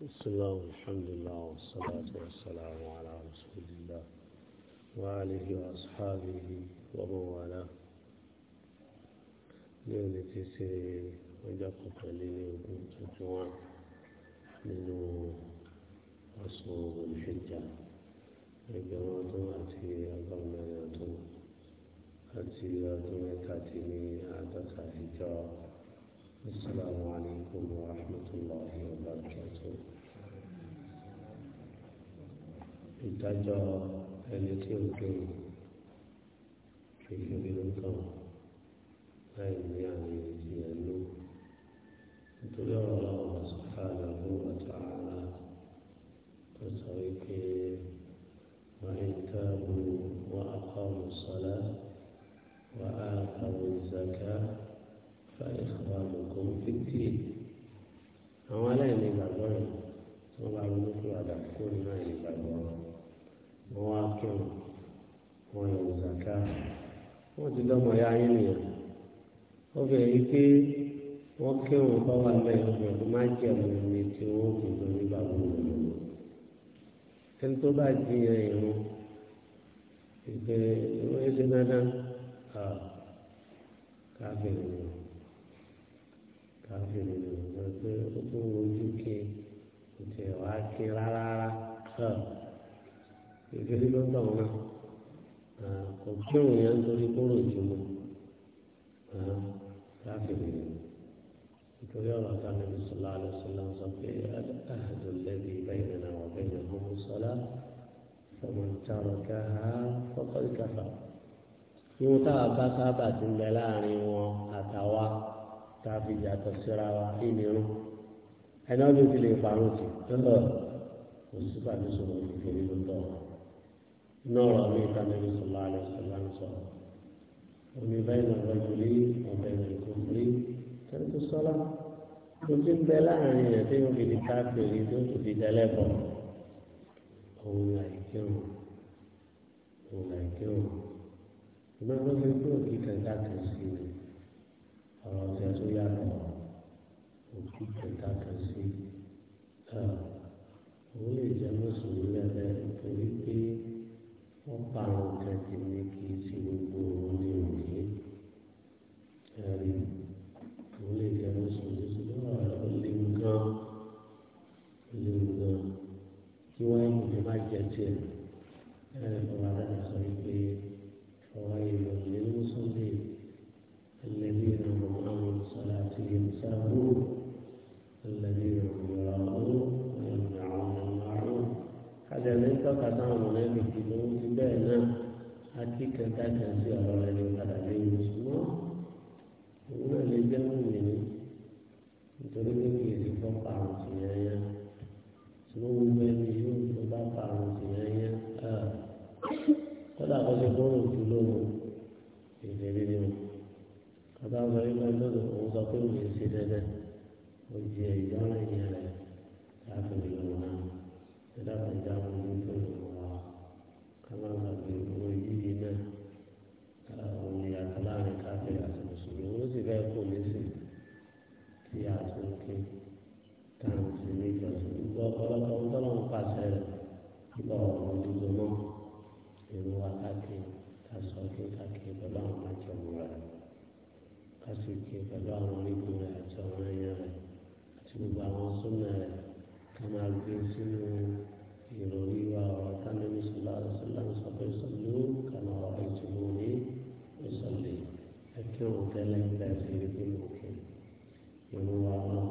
بسم الله والحمد لله والصلاة والسلام على رسول الله وآله وأصحابه ومن والاه اليوم تيسي وجاكم قليل وجوان nínú ọ̀sán olùṣèjà ẹgbẹ̀rún ọdún àti ọgọ́rùn mẹ́rin ọdún àti ọdún mẹ́ta ti ní السلام عليكم ورحمة الله وبركاته ìdájọ́ ẹni tí ó dùn kìí fi bí lóko láì ní àwọn. ọkùnrin fífi àwọn aláìní ìgbàgbọ́ rẹ̀ tí wọ́n bá ronú pé àdá kó nínú àìní ìgbàgbọ́ wọn wá kírun wọn ìwò zàká wọn ti dọ́mọ ya ayé nìyẹn wọ́n fi rí pé wọ́n kírun báwa lẹ́yìn ọ̀gbìn tó máa ń jẹ́ ọmọ mi tí wọ́n kò tó nígbà gbogbo ẹni tó bá jiyàn ìrún ìgbẹ́ ìrún ẹsẹ̀ dáadáa kàá bẹ̀rẹ̀ káfíìnì ló ń sọ pé ó tún wojú ké kò tẹ̀ wá ké rárá rárá ìgbésí ló ń tọ̀ wọn náà kò kí òun yẹn ń torí kóró ìjùmọ̀ káfíìnì ló nítorí ọ̀rọ̀ táwọn ẹni sọlá ló sọlá ń sọ pé àdùn lẹ́bi bẹ́ẹ̀ náà wọ́n bẹ́ẹ̀ náà wọ́n mú sọlá fọmọdé tí a lọ fọ́kọ́ ìkàfà. ìwọ̀n táwa bá sábà ti ń bẹ láàrin wọn àtàwa tá yàtọ̀ síra wa ìnirú ẹni ọdún ti lè farun sí lọ́dọ̀ kò sí pàdé sọ̀rọ̀ ìfèrè ló tọ̀ iná ọ̀rọ̀ mi ìta níbi sọ̀rọ̀ alẹ́ sọ̀rọ̀ ń omi bẹ́ẹ̀ náà wọ́n ju lé ọ̀bẹ náà kò lé tẹ́lifù sọ́lá mo ti ń bẹ láàrin rẹ̀ tí mo fi di káàkiri tó kò fi dẹ́lẹ̀ bọ̀ òun làìkírun òun làìkírun ìmọ̀ ẹgbẹ́ mi kúrò kí kẹ̀kẹ́ àtúnṣe rẹ̀. àwọn nǹkan tí ní kì í ṣe gbogbo òun ní òní ẹ̀rí tó lè fẹ́ràn sùn ní sùn lọ́wọ́ ó léwu gan léwu gan kí wọ́n yẹ kí má jẹ tiẹ̀ ẹ̀rí fún wa dáná sọ wípé ọwọ́ ìlú ìlú mùsùlùmí ẹlẹ́bí ìrànwọ́. صلاتهم ساهون الذين هم يراءون ويمنعون المعروف هذا ليس قطعا ونبي kíkẹ́ dáadáa sí ọ̀rọ̀ rẹ̀ ní padà lẹ́yìn ṣùgbọ́n òun náà lè jẹ́ múmi ní nítorí pé kì í ti fọ́ parun sí yányá ṣùgbọ́n gbogbo ẹni yóò tó bá parun sí yányá kódà kó ṣe gbọ́dọ̀ tó lóhùn ìlérí ni o kódà sọ yìí máa lọ́dọ̀ òun sọ pé òun ṣe dẹ́dẹ́ ó jẹ ìdáhùn ẹ̀yìn rẹ̀ láti lè lọ́wọ́ náà kódà kó dáhùn ní tó lọ́wọ́. táwọn sì ní ìjọsìn gbogbo ọ̀pọ̀lọpọ̀ ohun tó lọ́wọ́ pàṣẹ rẹ̀ nípa ọ̀rọ̀ dídùn mọ́ èrò wa káàkiri kásọ̀ kí káàkiri pẹ̀lú àwọn àjọmọ̀ rẹ̀ kásì kí pẹ̀lú àwọn onígun rẹ̀ àti ọ̀rọ̀ ẹ̀yàn rẹ̀ àti gbogbo àwọn súnmọ̀ rẹ̀ ká máa gbé sínú ìròrí wa ọ̀rọ̀ tánàmí sọlá sọlá sọ pé sọlú kàmá ọ̀rọ̀ ìtumọ̀ ní ìsọ̀lẹ̀ ẹ̀kí òun tẹ́lẹ̀ ń